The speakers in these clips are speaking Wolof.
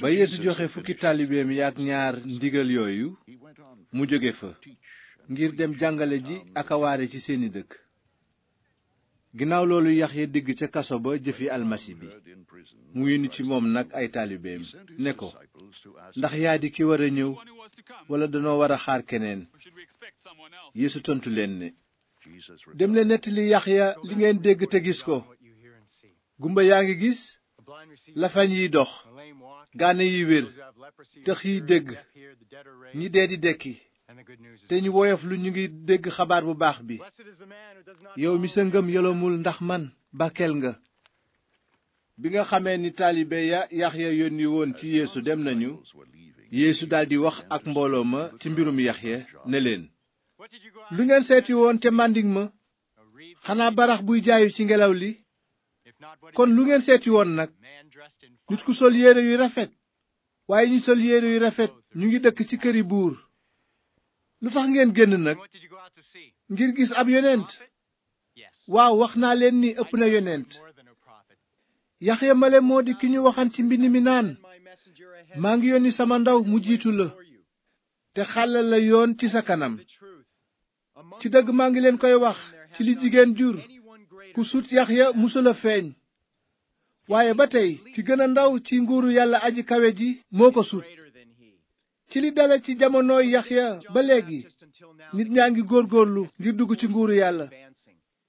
ba yeesu joxe fukki taalibeem yaak ñaar ndigal yooyu mu jóge fa ngir dem jàngale ji ak a waare ci seeni dëkk ginnaaw loolu Yaxya dégg ca kaso ba jëfi almasi bi mu yónni ci moom nag ay taalibeem ne ko ndax yaa di ki war a ñëw walla danoo war a xaar keneen yeesu tontu leen ne dem leen nettali ya li ngeen dégg te gis ko gumba yaa ngi gis lafañ yi dox gaane yi wér tëx yi dégg ñi dee di dekki te ñu woyof lu ñu ngi dégg xabaar bu baax bi yow mi sa ngëm yolomul ndax man bàkkeel nga bi nga xamee ni taalibe ya yaxya yónni woon ci yeesu dem nañu yeesu daldi wax ak mbooloo ma ci mbirum yaxya ne leen lu ngeen seeti woon te màndiŋ ma xanaa barax buy jaayu ci ngelaw li kon lu ngeen seeti woon nag nit ku sol yére yu rafet waaye ñi sol yére yu rafet ñu ngi dëkk ci këri buur lu tax ngeen génn nag ngir gis ab yonent waaw wax naa leen ni ëpp na yonent yaxya male moo di ki ñu waxan ci mbind mi naan maa ngi yónni sama ndaw mu jiitu la te xàllal la yoon ci sa kanam ci dëgg maa ngi leen koy wax ci li jigéen jur ku sut yaxya musula feeñ waaye ba tey ki gën a ndaw ci nguuru yàlla aji kawe ji moo ko sut ci li dale ci jamonooy ya ba léegi nit ñaa ngi góor góorlu ngir dugg ci nguuru yàlla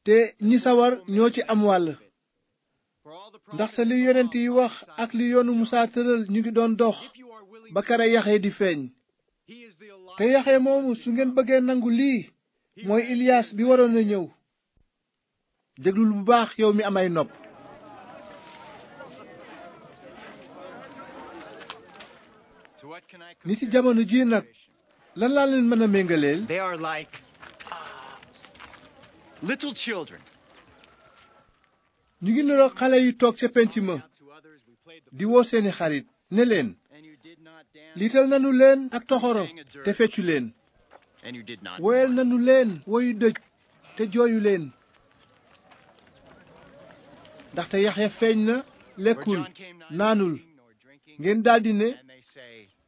te ñi sawar ñoo ci am wàll ndaxte li yonent yi wax ak li yoonu Musaa tëral ñu ngi doon dox ba kare Yaxya di feeñ te Yaxya moomu su ngeen bëggee nangu lii mooy Iliyaas bi waroon a ñëw déglul bu baax yow mi am ay nopp ni ci jamono ji nag lan laa leen mën a méngaleel they are like uh, little children ñu ngi niroog xale yu toog ca penc ma di woo seeni xarit ne leen liital nanu leen ak toxoro te feccu leen woyal nanu leen woyu dëj te jooyu leen ndaxte ya feeñ na lekkul naanul ngeen daldi ne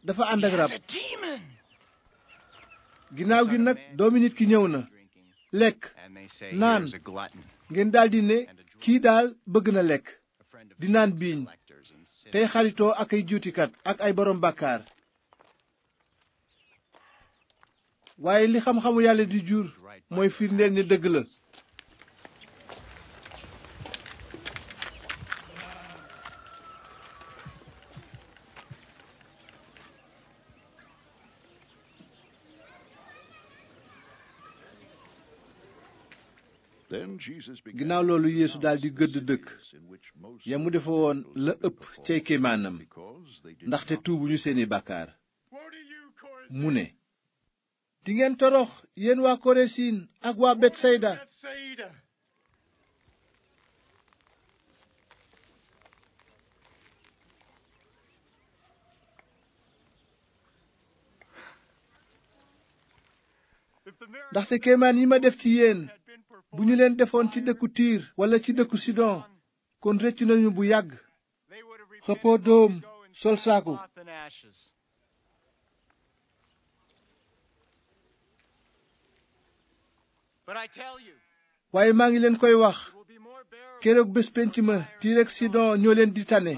dafa ànd ak rab ginnaaw gi nag doomi nit ki ñëw na lekk naan ngeen daldi ne kii daal bëgg na lekk di naan biiñ tey xaritoo ak ay juutikat ak ay borom bàkkaar waaye li xam-xamu yàlla di jur mooy firndeel ne dëgg la ginnaaw loolu yéesu daldi gëdd dëkk ya mu defe woon la ëpp cay kéemaanam ndaxte tuubuñu seeni bàkkaar mu ne dingeen torox yéen waa koresin ak waa betsayda ndaxte kéemaan yi ma def ci yéen bu ñu leen defoon ci dëkku tiir walla ci dëkku sidon kon rëcc nañu bu yàgg xëppoo doom sol saaku waaye maa ngi leen koy wax keroog bés penc ma tiir sidon ñoo leen di tane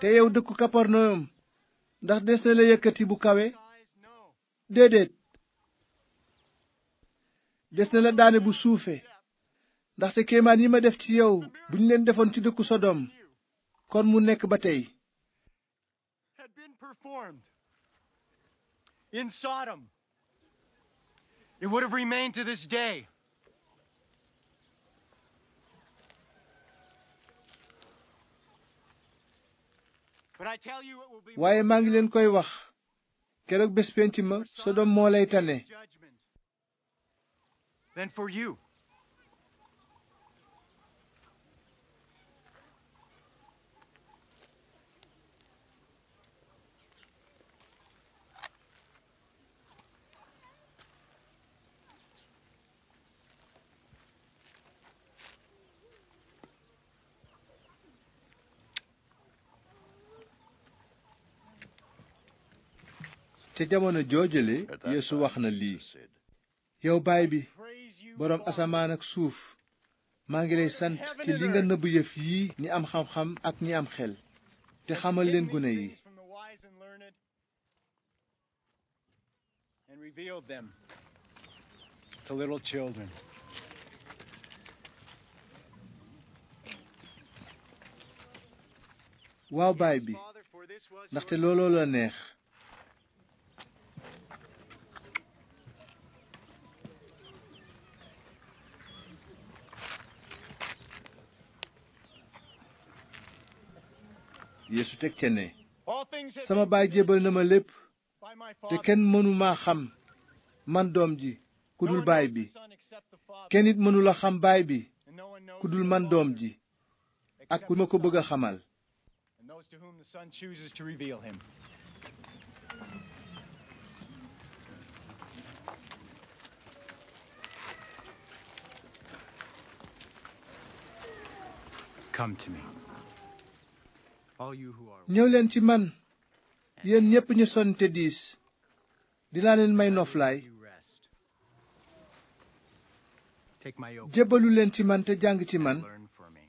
te yow dëkku kaparnayom ndax des na la yëkkati bu kawe déedéet des na la daane bu suufe ndaxte kéemaan yi ma def ci yow bu ñu leen defoon ci dëkku sodom kon mu nekk ba tey in Sodom it would have remained to waaye maa ngi leen koy wax keroog bés penc ma Sodom moo lay tane te jamono joojale Yeesu wax na lii yow baay bi boroom asamaan ak suuf maa ngi lay sant ci li nga nëbb yëf yii ñi am xam-xam ak ñi am xel te xamal leen gune yi waaw baay bi ndaxte looloo la neex Yeesu teg ca ne sama baay jébbal na ma lépp te kenn mënu ma xam man doom ji ku dul baay bi kenn it mënula xam baay bi ku dul man doom ji ak ku ma ko bëgg a xamal Come to me. ñëw leen ci man yéen ñépp ñu sonn te diis dinaa leen may noflaay jébbalu leen ci man te jàng ci man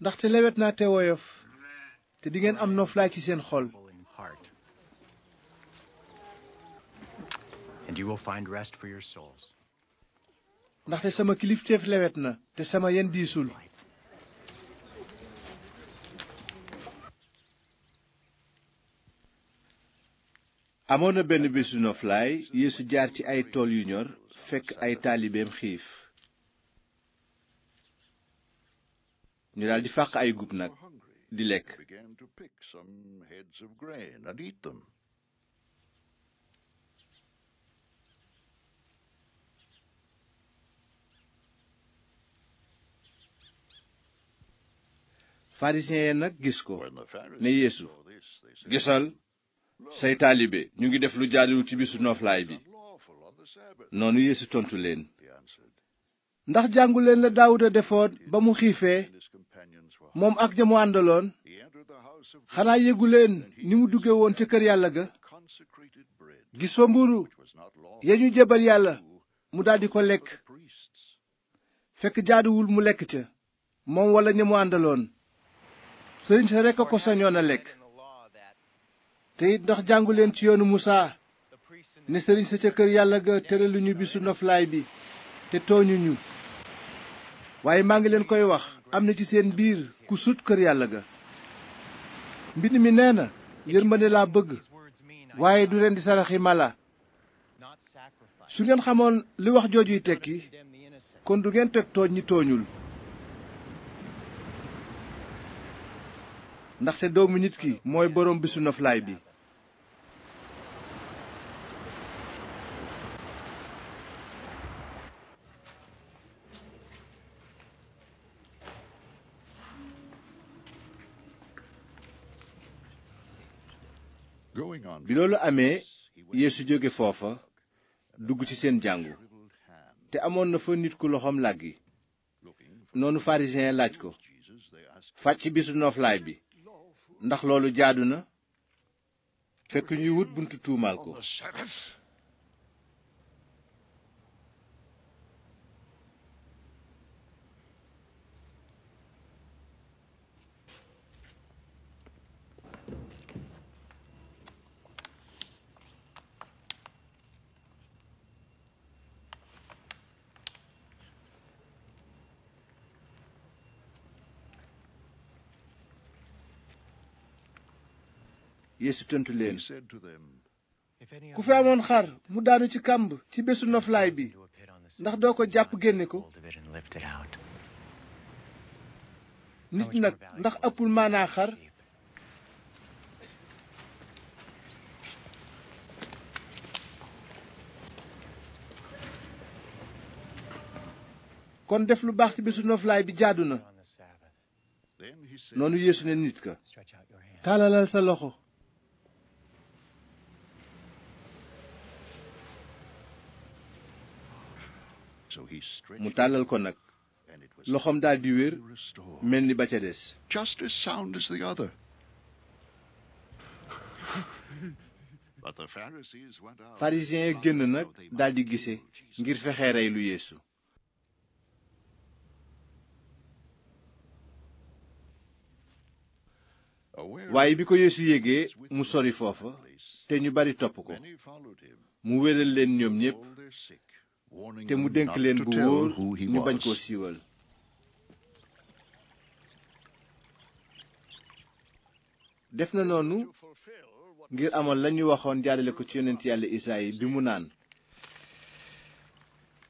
ndaxte lewet naa te woyof te dingeen am noflaay ci seen xol ndaxte sama kilifteef lewet na te sama yen diisul amoon na benn bésu noflaay yeesu jaar ci ay tool yu ñor fekk ay taalibeem xiif ñu daldi fàq ay gub nag di lekk farisiyen nag gis ko ne yeesu gisal say taalibe ñu ngi def lu jaadul ci bisu nooflaay bi noonu yeesu tontu leen ndax jàngu leen la daawuda defoon ba mu xiifee moom ak ña mu àndaloon xanaa yëgu leen ni mu dugge woon ca kër yàlla ga gis fa mburu ya ñu jébal yàlla mu daldi ko lekk fekk jaaduwul mu lekk ca moom walla ña mu àndaloon sëriñ sa rekk a ko sañoon a lekk te ndax jàngu leen ci yoonu Musaa ne sëriñ sa ca kër yàlla ga tëraluñu bisu noflaay bi te tooñuñu waaye maa ngi leen koy wax am na ci seen biir ku sut kër yàlla ga mbind mi nee na yërmande laa bëgg waaye du leen di saraxi mala su ngeen xamoon li wax jooju joojuy tekki kon du ngeen teg tooñ ñi tooñul ndaxte doomu nit ki mooy boroom bisu noflaay bi bi loolu amee yeesu jóge foofa dugg ci seen jàngu te amoon na fa nit ku loxoom làggi noonu pharisien laaj ko fàcc bisu nooflaay bi ndax loolu jaadu na fekk ñuy wut buntu tuumaal ko yeesu tontu leen ku fi amoon xar mu daanu ci kàmb ci bésu noflaay bi ndax doo ko jàpp génne ko nit nag ndax ëppul maanaa xar kon def lu baax ci bésu noflaay bi jaadu na noonu yeesu ne nit ka tàllalal sa loxo mu tàllal ko nag loxoom daal di wér mel ni ba ca des just as sound nag daal gise ngir fexe rey lu yeesu waaye bi ko yeesu yégee mu sori foofa te ñu bari topp ko mu wéral leen ñoom ñépp te mu dénk leen bu wóor ñu koo siiwal def na noonu ngir amal lañu waxoon jaarale ko ci yonent yàlla Isaayi bi mu naan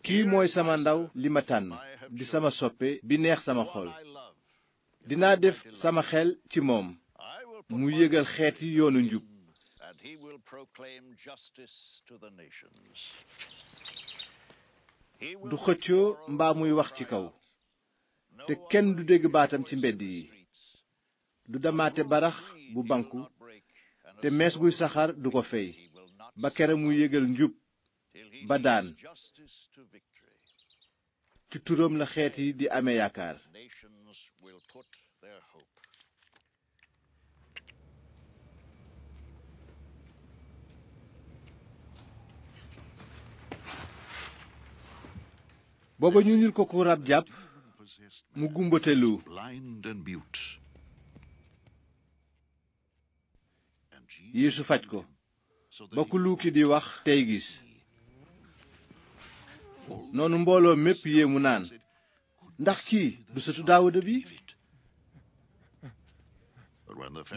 kii mooy sama ndaw li ma tànn di sama soppe bi neex sama xol dinaa def sama xel ci moom mu yëgal xeet yi yoonu njub du xëccoo mbaa muy wax ci kaw te kenn du dégg baatam ci mbedd yi du damaate barax bu banku te mees guy saxar du ko fey ba kere muy yégal njub ba daan ci turam la xeet yi di ame yaakaar booba ñu nil ko ku rab jàpp mu gumbatelu Yeesu faj ko ba ku luuki di wax tey gis noonu mbooloo mépp mu naan ndax kii du sëtu Daawuda bi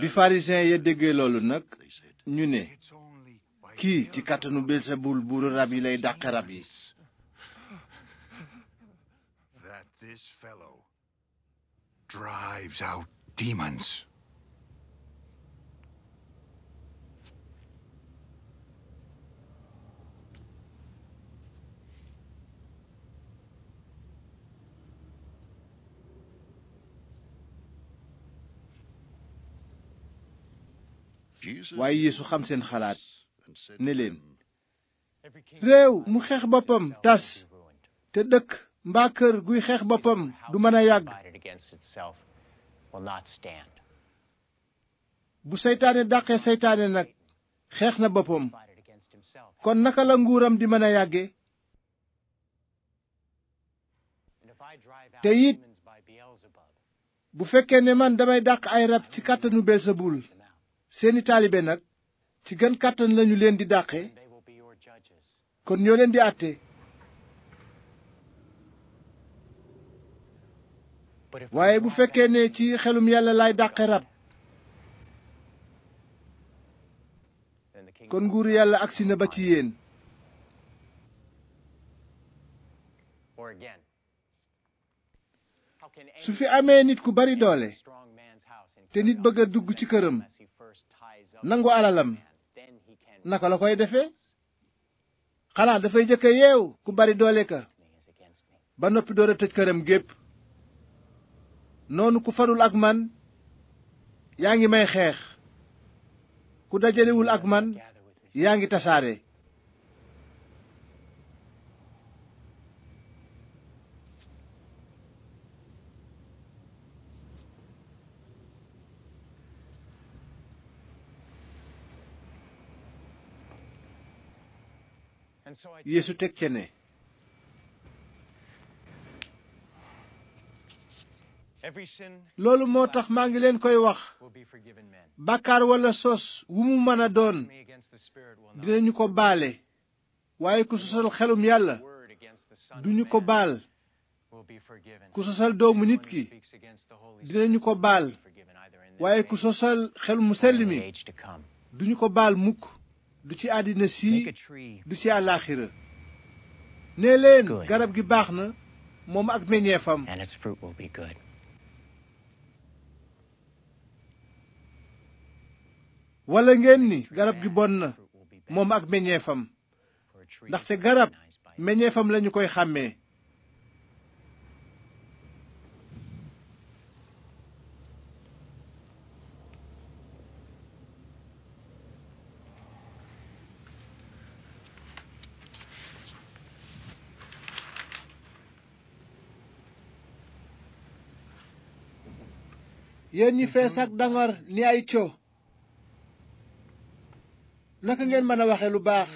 bi pharisiens ya déggee loolu nag ñu ne kii ci kàttanu Belsebul buuru rab yi lay dàqe rab yi This fellow drives out demons. waaye yeesu xam seen xalaat ne leen mu xeex boppam tas te dëkk mbaa guy xeex boppam du mën a yàgg bu seytaane dàqee seytaane nag xeex na boppam kon naka la nguuram di mën a yàgge te it bu fekkee ne man damay dàq ay rab ci kàttanu belsebul seeni taalibe nag ci gën kàttan lañu leen di dàqe kon ñoo leen di àtte waaye bu fekkee ne ci xelum yàlla lay dàqe rab kon nguuru yàlla agsi na ba ci yéen su fi amee nit ku bari doole te nit bëgg dugg ci këram nangu alalam naka la koy defee xanaa dafay jëkk yeew ku bari doole ka ba noppi door a tëj këram gépp noonu ku farul ak man yaa ngi may xeex ku dajalewul ak man yaa ngi tasaare Yeesu teg loolu moo tax maa ngi leen koy wax bàkkaar walla sos wu mu mën a doon dinañu ko baale waaye ku sosal xelum yàlla duñu ko baal ku sosal doomu nit ki dinañu ko baal waaye ku sosal xel mu sell mi duñu ko baal mukk du ci àddina sii du ci àllaaxira nee leen garab gi baax na moom ak meññeefam wala ngeen garab gi bon na moom ak meññeefam ndaxte garab meññeefam lañu koy xàmmee yéen ñi fees ak dangar ni ay co naka ngeen mën a waxe lu baax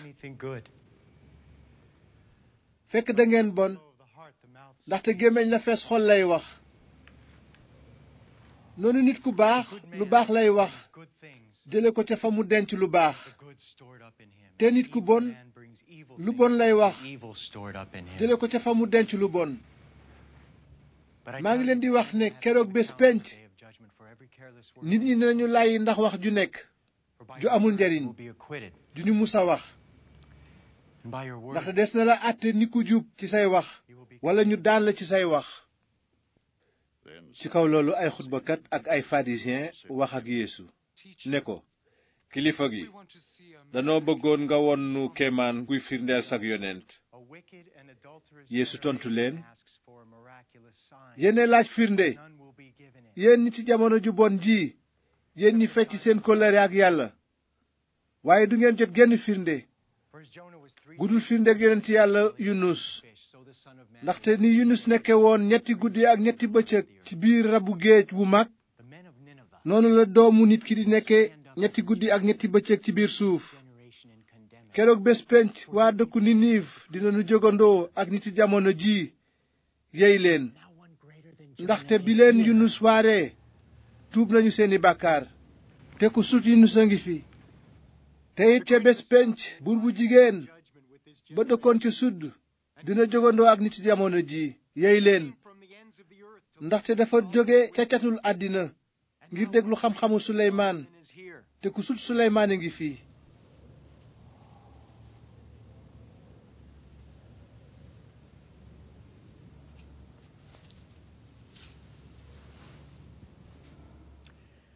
fekk da ngeen bon oh, ndaxte gémmiñ la fees xol lay wax noonu nit ku baax lu baax lay wax jële ko ca fa mu denc lu baax te nit ku bon lu bon lay wax jële ko ca fa mu denc lu bon maa ngi leen di wax ne keroog bés penc nit ñi nañu làyyi ndax wax ju nekk ju amul njariñ du ñu musa wax ndax des na la àtte ni jub ci say wax walla ñu daan la ci say wax ci kaw loolu ay xutbakat ak ay pharisien wax ak yeesu ne ko kilifa gi danoo bëggoon nga won nu kéemaan guy firndeel sag yonent yeesu tontu leen yéene laaj firnde yéen ci jamono ju bon ji yéen ñi seen kóllëre ak yàlla waaye du ngeen jot genn firnde gudul firndeeg ci yàlla yunus ndaxte ni yunus nekke woon ñetti guddi ak ñetti bëccëg ci biir rabu géej wu mag noonu la doomu nit ki di nekke ñetti guddi ak ñetti bëccëg ci biir suuf keroog bés penc waa dëkku niniiv dinañu jógandoo ak nit jamono ji yey leen ndaxte bi yunus waaree tuub nañu seeni bàkkaar te ku sut yi nu sa ngi fi te it ca bés pénc buur bu jigéen ba dëkkoon ca sudd dina jógandoo ak nit jamono ji yey leen ndaxte dafa jóge ca catul àddina ngir déglu xam-xamu suleymaan te ku sut suleymaan a ngi fii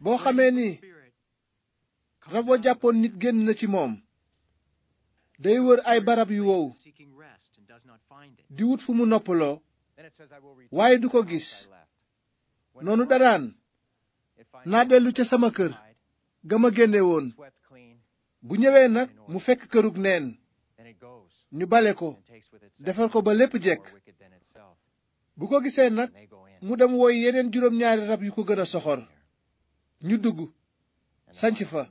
boo xamee ni rab wa jàppoon nit génn na ci moom day wër ay barab yu wow di wut fu mu noppaloo waaye du ko gis noonu danaan naa dellu ca sama kër ga ma génne woon bu ñëwee nag mu fekk kërug neen ñu bale ko defar ko ba lépp jekk bu ko gisee nag mu dem woy yeneen juróom ñaari rab yu ko gën a soxor ñu dugg sanc fa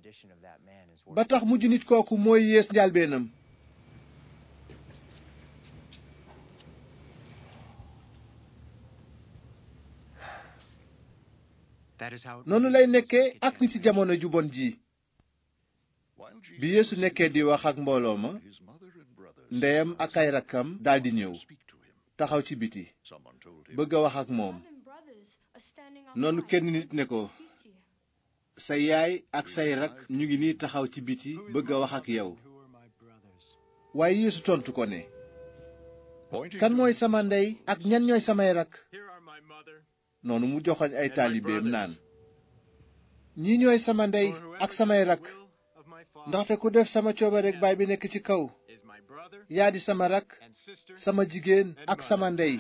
ba tax mujj nit kooku mooy yées njaalbeenam noonu lay nekkee ak nit ci jamono ju bon ji bi yeesu nekkee di wax ak mbooloo ma ndeyam ak ay rakkam daldi ñëw taxaw ci biti bëgg a wax ak moom noonu kenn nit ne ko sa yaay ak say rak ñu ngi nii taxaw ci biti bëgg a wax ak yow waaye Yeesu tontu ko ne kan mooy sama ndey ak ñan ñooy samay rak noonu mu joxoñ ay taalibeem naan ñii ñooy sama ndey ak samay rak ndaxte ku def sama coobareek baay bi nekk ci kaw yaa di sama rak sama jigéen ak sama ndey